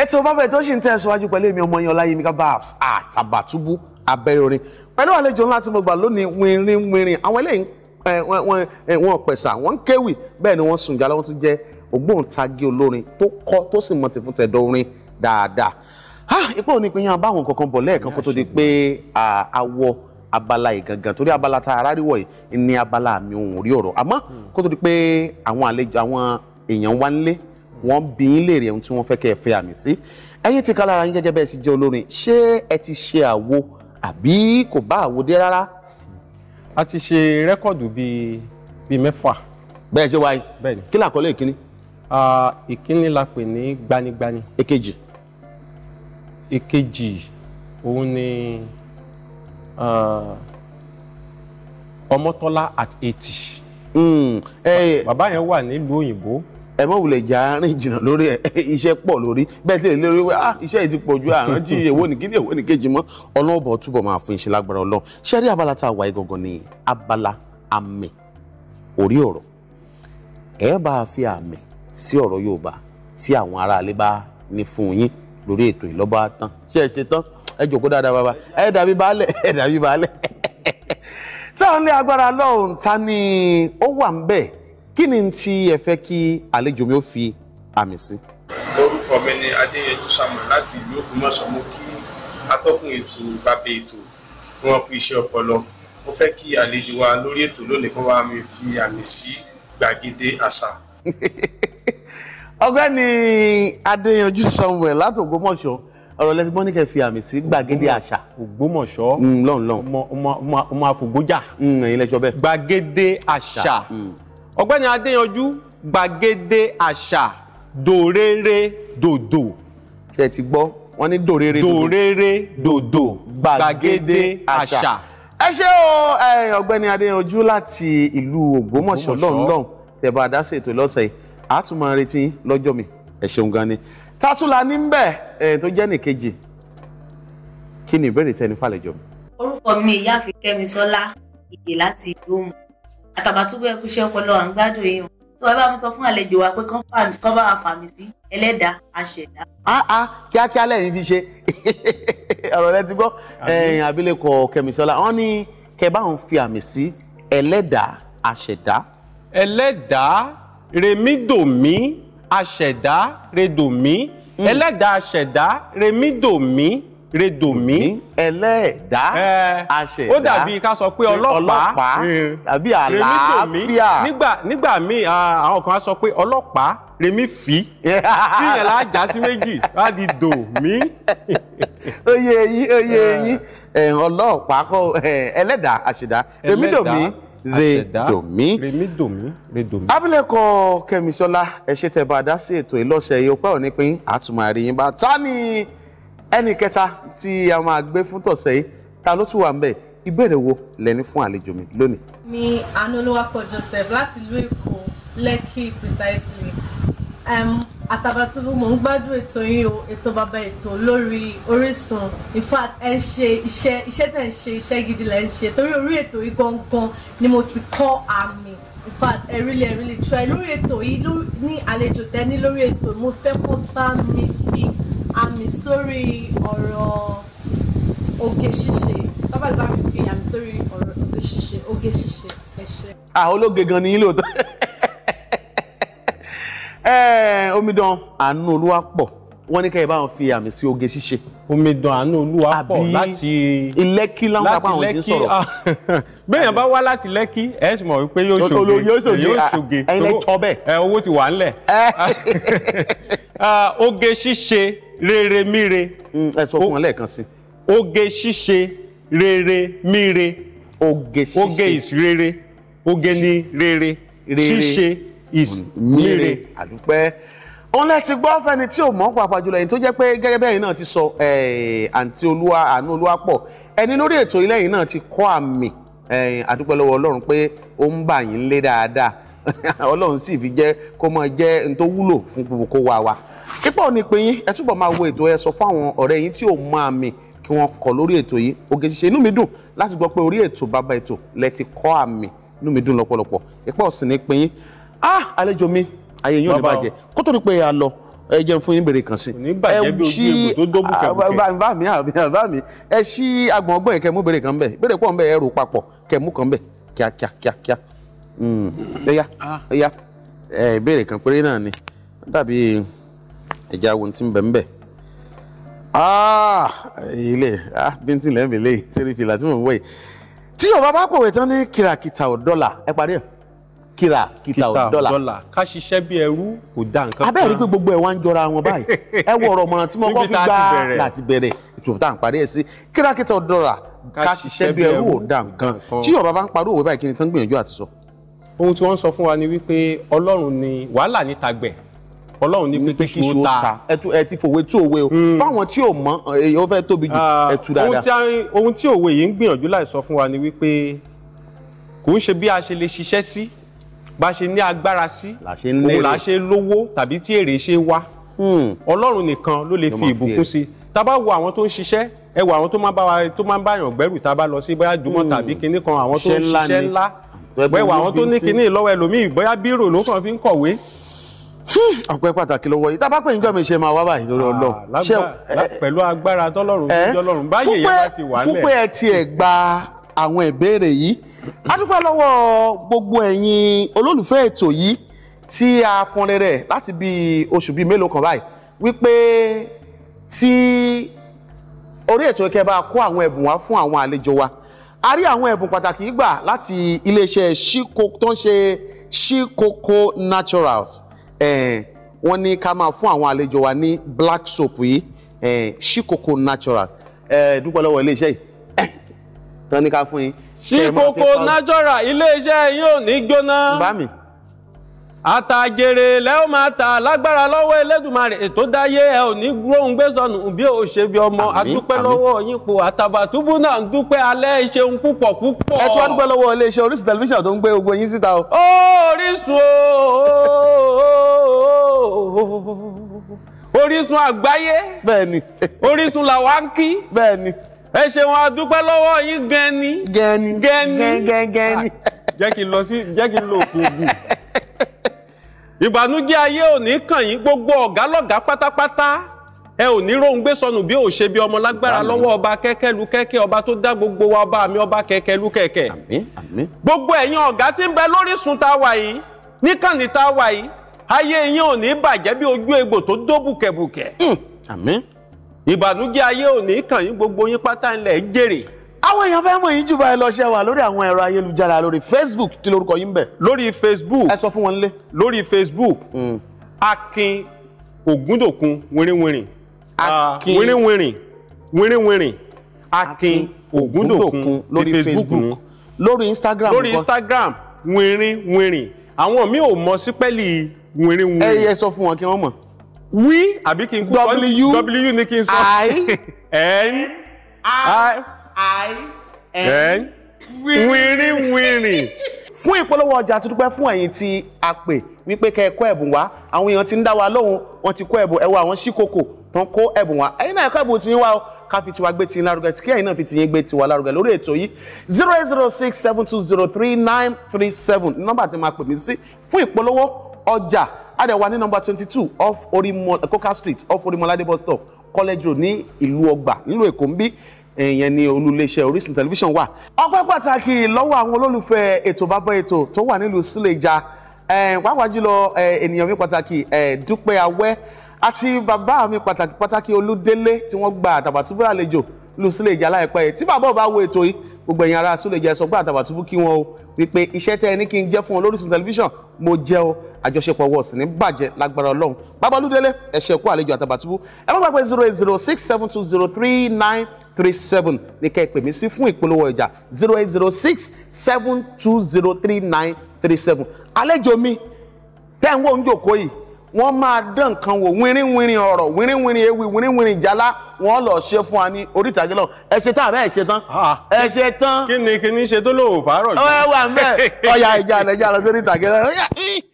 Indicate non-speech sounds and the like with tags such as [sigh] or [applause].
ètò bàbá ètò sì ń tẹ̀síwájú pẹ̀lú èmi ọmọ yẹn ọláyẹmíkà babs àtàbàtúbú abẹ́rẹ́ orin pẹ̀lú àlejò ńlá tí mo gbà lónìí wìnrin wìnrin àwọn eléyìí wọn pẹ̀sà wọn kéwì bẹ́ẹ̀ ni wọ́n sùn jálá wọn tún jẹ́ ògbóǹtagì olórin tó kọ́ tó sì mọ̀ tìfún tẹ̀dọ̀ orin dáadáa ipò òní pé yan báwọn kankan bọ̀ lẹ́ẹ̀kan kó tó di pé awọ abala yìí gangan torí abala tá a ráríwọ̀ yìí ní abala mi òun rí ọ̀rọ̀ àmọ́ kó tó di pé àwọn àlejò àwọn èèyàn wá nílé wọ́n bí yín léèrè ohun tí wọ́n fẹ́ kẹ́ ẹ fẹ́ àmì sí ẹ̀yin ti ká lára yín gẹ́gẹ́ bẹ́ẹ̀ ti jẹ́ olórin ṣé ẹ ti ṣe àwo àbí kò bá àwo dé rárá. a ti ṣe rẹ́kọ̀dù bíi bíi mẹ́fà. bẹ́ẹ̀ ṣe wáyé bẹ́ẹ̀ kí làkọlé ìkíní. ìkíní la pè ní gbanigbani. èkejì. èkejì òun ni ọmọtọ́lá at eighty. Hmm, bàbá yẹn wà nílùú òyìnbó ẹ mọ̀ wulẹ̀ jà rìn jìnnà lórí ẹ [laughs] iṣẹ́ pọ̀ lórí bẹ́ẹ̀ tẹ̀lé lórí wẹ́ ah iṣẹ́ yìí ti pọ̀ ju àrùn tí èwo ní kíni èwo ní kejì mọ́ ọlọ́run bọ̀ túbọ̀ máa fún iṣẹ́ lágbára ọlọ́run ṣé rí abala tá a wà yìí gangan ni abala àmì orí ọ̀rọ̀ ẹ bá a fi àmì sí ọ̀rọ̀ Yorùbá tí àwọn aráalé bá ní fún yín lórí ètò ìlọ́ba tán ṣe é ṣe tán ẹ jòkó dáadáa bàbá ẹ dàbí baálẹ̀ ẹ dàbí baálẹ̀ [laughs] kí ni tí ẹ fẹ́ kí àlejò mi ó fi àmì sí. orúkọ mi ni adéyẹjú samuel láti ìlú ògbómọ̀ṣọ́ mo kí atọ́kùn ètò bàbá ètò wọn kú iṣẹ́ ọpọlọ mo fẹ́ kí àlejò wa lórí ètò lónìí kó wàá mi fi àmì sí gbàgede àṣà. [laughs] ọ̀gbẹ́ni adéyanjú samuel láti ògbómọ̀ṣọ́ ọ̀rọ̀ lẹ́sìgbọ́n ní kẹ́ fi àmì sí gbàgede àṣà. ògbómọ̀ṣọ́ mm, lọ́nlọ́n ọmọ afọ̀gbọ́jà. Mm, ẹ̀yin lẹ́sọ bẹ́ẹ̀. gbàgede àṣà. Mm ọ̀gbẹ́ni adéyanjú gbàgede àṣà dòrèrè dòdò. ṣe ti gbọ́ wọ́n ní dòrèrè dòdò dòrèrè dòdò gbàgede àṣà. ẹ ṣé o ọ̀gbẹ́ni adéyanjú láti ìlú ògbómọ̀ṣọ́ lọ́nlọ́n tẹ̀ bá a dá ṣètò lọ́sẹ̀ yìí a tún máa retí lọ́jọ́ mi ẹ ṣeun gan ni tátúlà ní bẹ́ẹ̀ tó jẹ́ nìkejì kí ni ìbéèrè tẹni fàlejò mi. orúkọ mi ìyáàfin kẹ́misọ́lá ìdè láti ìlú òmù àtàbàtúbú ẹkú iṣẹ́ ọpọlọ à ń gbádùn yín o tó ẹ bá mi sọ fún àlejò wa pé kán bá wa fà mí sí ẹlẹ́dàá àṣẹ̀dá. áá kíákíá lẹ́yìn fi ṣe [laughs] ọ̀rọ̀ lẹ́tí gbọ́ abilékọ Kẹ́misọ́lá wọ́n ní kẹ́ bá fi àmì sí ẹlẹ́dàá àṣẹ̀dá. ẹlẹ́dàá rèmídòmí àṣẹ̀dá rèdòmí hmm. ẹlẹ́dàá àṣẹ̀dá rèmídòmí redomi ẹlẹ́ẹ̀dá aṣẹ̀dá ó dàbí ká sọ pé ọlọ́pàá tàbí àlàáfíà nígbà nígbà míì àwọn kan á sọ pé ọlọ́pàá remi fi bí yẹn la já sí méjì wá di dò mí. [laughs] oyè yín oyè yín ọlọ́pàá kọ ẹlẹ́dá aṣẹ̀dá remi domi redomi redomi redomi. abilékọ Kẹ́misọ́lá ẹ ṣé tẹ́ bá a dá sí ètò ìlọsẹ yìí ó pẹ́ òní pín àtúmọ̀ àríyìn bá ta ni ẹnì kẹta tí a máa gbé fún tọ̀sẹ̀ yìí ta ló tún wà ń bẹ̀ ìbéèrè wo lẹ́ni fún àlejò mi lónìí. mi anolúwapọ̀ Joseph láti ìlú Èkó Lẹ́kì precisely um, Àtàbàtúbú mò ń gbádùn ètò yín o ètò bàbá ètò lórí Orísun in fact ẹ ṣe iṣẹ́ iṣẹ́ tẹ̀ ń ṣe iṣẹ́ gidi lẹ̀ ń ṣe torí orí ètò yìí gangan ni mo ti kọ́ àmì in fact ẹ really ẹ really try lórí ètò yìí ní àlejò tẹ́ ní lórí ètò mo fẹ́ kó bá mi fi àmì sórí ọ̀rọ̀ oge ṣíṣe tọ́ba ìbá ti fi àmì sórí ọ̀rọ̀ oge ṣíṣe oge ṣíṣe ẹ̀ṣẹ̀. àwọn ológe gan ni ilé òótọ́ [laughs] eh, omidan àánú olúwa pọ̀ wọ́n ní kẹ́ ẹ bá wọn fi àmì sí oge ṣíṣe. omidan àánú olúwa pọ̀ láti ilẹ́kí láwọn apá àwọn tí ń sọ̀rọ̀. Ah, [laughs] bẹ́ẹ̀yàn bá wá láti lẹ́kí ẹ sì mọ̀ wípé yóò ṣoge yóò ṣoge ẹyin lẹ́tọ́ bẹ́ẹ̀. Eh, owó ti wà ńlẹ̀. [laughs] Ah, ah, oge ṣíṣe rere mire, mm, ẹ sọ fún wọn lẹ́ẹ̀kan sí. oge ṣíṣe rere mire, oge ṣíṣe oge is rere oge ni rere ṣíṣe is mire. àdúpẹ́ òun lẹ ti gbọ́ fẹ́ni tí ò mọ̀ pàápàá jùlọ ẹ̀yin tó jẹ́ pé gẹ́gẹ́ bẹ́ẹ̀ náà ti sọ àǹtí olúwa àánú olúwa pọ̀ ẹni lórí ètò ilé yìí náà ti kọ́ àmì àdúpẹ́ lọ́wọ́ ọlọ́run pé ó ń bà yín lé dáadáa [laughs] ọlọ́run sì fi jẹ́ kó máa jẹ́ n tó wúlò fún gbogbo kó wá wa ipa ò ní pé yín ẹ túbọ̀ máa wo ètò ẹ sọ fún àwọn ọ̀rẹ́ yín tí ò mọ àmì kí wọ́n kọ lórí ètò yìí Òkè Ṣíṣe inú mi dùn láti gbọ́ pé orí ètò bàbá ètò lẹ ti kọ́ àmì inú mi dùn lọ́pọ̀lọpọ̀ ipa sì ní pé yín ah àlejò mi ayé yín ò ní bàjẹ́ kó tó ní pé a lọ ẹ jẹun fún yín bèrè kan sí. ẹ ṣí bá mi bá mi ẹ ṣí agbọ̀n ọgbọ́n yẹn kẹmú bèrè kan bẹ̀ bèrè pọ̀ nbẹ̀ ẹ rò papọ̀ kẹmú kan bẹ̀ kíákíá kíákíá ẹ̀yà hmm. ah. ẹ̀yà ẹ̀ bèrè kan péré náà ni dàbí ẹja wo ah, ah, ti ń bẹ̀ ń bẹ̀ ilé bíntín lẹ́mìí lé torí fìlà tí mò ń wọ̀ yìí tí yorùbá bá pòwe tán ní kìràkìtà ò dọ́là ẹ parí ẹ̀ kìrà kìtà dọ́là ká ṣiṣẹ́ bí ẹrú kò dá nǹkan kan. abẹ́rẹ́ pé gbogbo ẹ̀ wá ń jọra wọn báyìí ẹ wọ ọ̀rọ̀ mọ̀ràn tí mo kọ́ fi gbá láti bẹ̀rẹ̀ ètò tá à ń parí ẹ̀ sí kìrà kìtà dọ́là ká ṣiṣẹ́ bí ẹrú kò dá nǹkan tí Yorùbá bá ń parí òwe báyìí kí ni tán gbìyànjú àti sọ. ohun tí wọ́n sọ fún wa ni wípé Ọlọ́run ni wàhálà ní tagbẹ̀ ọlọ́run ní pé kí iṣu ta ẹ ti fòwe tú òwe o hmm. fáwọn tí ò mọ èyàn fẹ́ tóbi jù ah, ẹ tú dáadáa. ohun tí òwe yìí ń gbìyànjú láì sọ fún wa ni wípé kò ń ṣe bí a ṣe lè ṣiṣẹ́ sí bá ṣe ní agbára sí òun là ṣe lówó tàbí tí èrè ṣe wá hmm. ọlọ́run nìkan ló lè fi ìbùkún sí tá bá wo àwọn tó ń ṣiṣẹ́ ẹ wo àwọn tó máa bá wa tó máa ń báyàn gbẹ́rù tá bá lọ sí bóyá jùmọ̀ hmm. tàbí kinní kan àwọn tó ń ṣiṣẹ́ ńlá bóyá àwọn tó ní kinní lọ́wọ́ ẹlòmíì bóyá bírò ló kàn fi ń kọ̀wé Hmm, ọpẹ́ pàtàkì lọ́wọ́ yìí tábà pé njọ mi ṣe máa wá báyìí lórí ah, Ọlọ́run. pẹ̀lú agbára tọ́lọ́run tọ́lọ́run báyìí yẹn bá ti wà lẹ̀. fúnpẹ́ ẹ tiẹ̀ gba àwọn ìbéèrè yìí a dúpẹ́ lọ́wọ́ gbogbo ẹ̀yin olólùfẹ́ ètò yìí tí a fọnrẹrẹ láti bí oṣù bíi mélòó kan báyìí wípé tí orí ètò ìkẹ́ bá kó àwọn ẹ̀bùn wá fún àwọn àlejò wa a rí àwọn ẹ̀bùn pàtàkì gbà láti iléeṣẹ́ ṣíkò tó ń ṣe ṣíkòkò naturals Eh, wọ́n ní ká máa fún àwọn àlejò wa ní black soap yìí ṣíkòkò eh, natural eh, dúpẹ́ lọ́wọ́ iléeṣẹ́ yìí [coughs] tán ní ká fún yín. ṣíkòkò natural iléeṣẹ́ yìí ní gbóná. bá mi àtàjèrè lẹ́ ó máa ta lágbára lọ́wọ́ Elédùmarè ètò dáyé ẹ ò ní gbóhùn gbé bí ó ṣe bí ọmọ àdúpẹ́ lọ́wọ́ yín po àtàbàtúbù náà ń dúpẹ́ alẹ́ ìṣeun púpọ̀ púpọ̀. ẹ tún wá dúpẹ́ lọ́wọ́ iléeṣẹ́ Orísun tẹlifíṣàn tó ń gbé gbogbo yín síta o. ó Orísun Orísun àgbáyé bẹ́ẹ̀ni Orísun làwa ń kí bẹ́ẹ̀ni ẹ ṣeun àdúpẹ́ lọ́wọ́ yín gẹni gẹni gẹni gẹni jẹ́ kí n lọ sí jẹ́ kí n lo oògùn ìbànújẹ́ ayé ò ní kàn yín gbogbo ọ̀gá lọ́gàá pátápátá ẹ ò ní róńgbé sọnù bí ò ṣe bí ọmọ lágbára lọ́wọ́ ọba kẹ́kẹ́lu kẹ́kẹ́ ọba tó dá gbogbo wa ọba mi ọba kẹ́kẹ́lu kẹ́kẹ́ àmín àmín gbogbo ẹ̀yin ọ̀gá tí ń bẹ lórísun tá a wà yìí níkànnì tá a wà yìí ayé yín ò ní bàjẹ́ bí ojú egbò tó dó bùkẹ̀bùkẹ̀ hmm, àmín ayé ò kàn yín gbogbo yín pátá ńlẹ̀ jèrè àwọn èèyàn fẹ́ mọ̀ yín jù báyìí lọ ṣe wà lórí àwọn ẹ̀rọ ayélujára lórí facebook kí lorúkọ yín bẹ̀. lórí facebook ẹ sọ fún wọn lé. lórí facebook mm. akin ògúndòkun wìrìwìrìn ah, akin wìrìwìrìn wìrìwìrìn akin ògúndòkun lórí facebook lórí instagram lórí instagram wìrìwìrìn àwọn mi ò mọ sípẹ́lì wìrìwìrìn. ẹ yẹ sọ fún wọn kí wọ́n mọ̀. wí àbí kí n kú w w ni kí n sọ. i [laughs] n i. I am wìnrin wìnrin [laughs] fún ìpolówó ọjà tó dúpẹ́ fún ẹ̀yin tí a pè wípé kẹ́ ẹ kó ẹ̀bùn wá àwọn èèyàn ti ń dá wa lóhùn wọn ti kó ẹ̀bùn ẹ̀wọ̀ àwọn ṣíkòkò tó ń kó ẹ̀bùn wá ẹ̀yin náà ẹ̀kọ́ ẹ̀bùn ti yín wá o ká fi tiwa gbé ti yín lárugẹ kí ẹ̀yin náà fi ti yín gbé tiwa lárugẹ lórí ètò yìí zero eight zero six seven two zero three nine three seven nọ́mbà tí máa pè mí sí fún ìpolówó ọjà adẹ̀wà ní nọ́mbà twenty two off orimọ coca street off orimọlade bus stop college road ní ìlú ọgbà nílùú ìyẹn ni olúléeṣẹ́ Orísun tẹlifíṣàn wà. ọpẹ́ pàtàkì lọ́wọ́ àwọn olólùfẹ́ ètò bàbá ètò tó wà nílùú Suleja pàápàá jùlọ ènìyàn mi pàtàkì Dúpẹ́ Awẹ́ àti bàbá mi pàtàkì pàtàkì Olúdélé tí wọ́n gba Àtàbàtúbú àlejò lù Suleja láìpẹ́ yìí tí bàbá ò bá wo ètò yìí gbogbo ẹ̀yin ará Súlè jẹ́ sọ pé Àtàbàtúbú kí wọn o wípé iṣẹ́ tẹ́ ẹ ní kí n jẹ́ fún wọn lóríṣun tẹlifíṣàn mo jẹ́ o àjọṣepọ̀ wọ̀ sí ní bàjẹ́ lágbára Ọlọ́run Babalúdélé ẹ ṣé kú àlejò Àtàbàtúbú ẹ má gbàgbé zero eight zero six seven two zero three nine three seven ní kẹ́ ẹ pè mí sí fún ìpolówó ọjà zero eight zero six seven two zero three nine three seven àlejò mi tẹ́ ń wò ń jòkó yìí wọ́n máa dán nǹkan wò wínrínwínrín ọ̀rọ̀ wínrínwínrín ewì wínrínwínrín ìjálá wọ́n lọ ṣe fún wa ní orí ìtàgé lọ ẹ ṣe tán àbẹ́ ẹ ṣe tán ah. ẹ ṣe tán. kí ni kí ni ṣe tó lò ó fàárọ̀ jù. ẹ wà ń bẹ ọ̀yà ìjà àlẹ́ ìjà àlọ́ sórí ìtàgé lọ.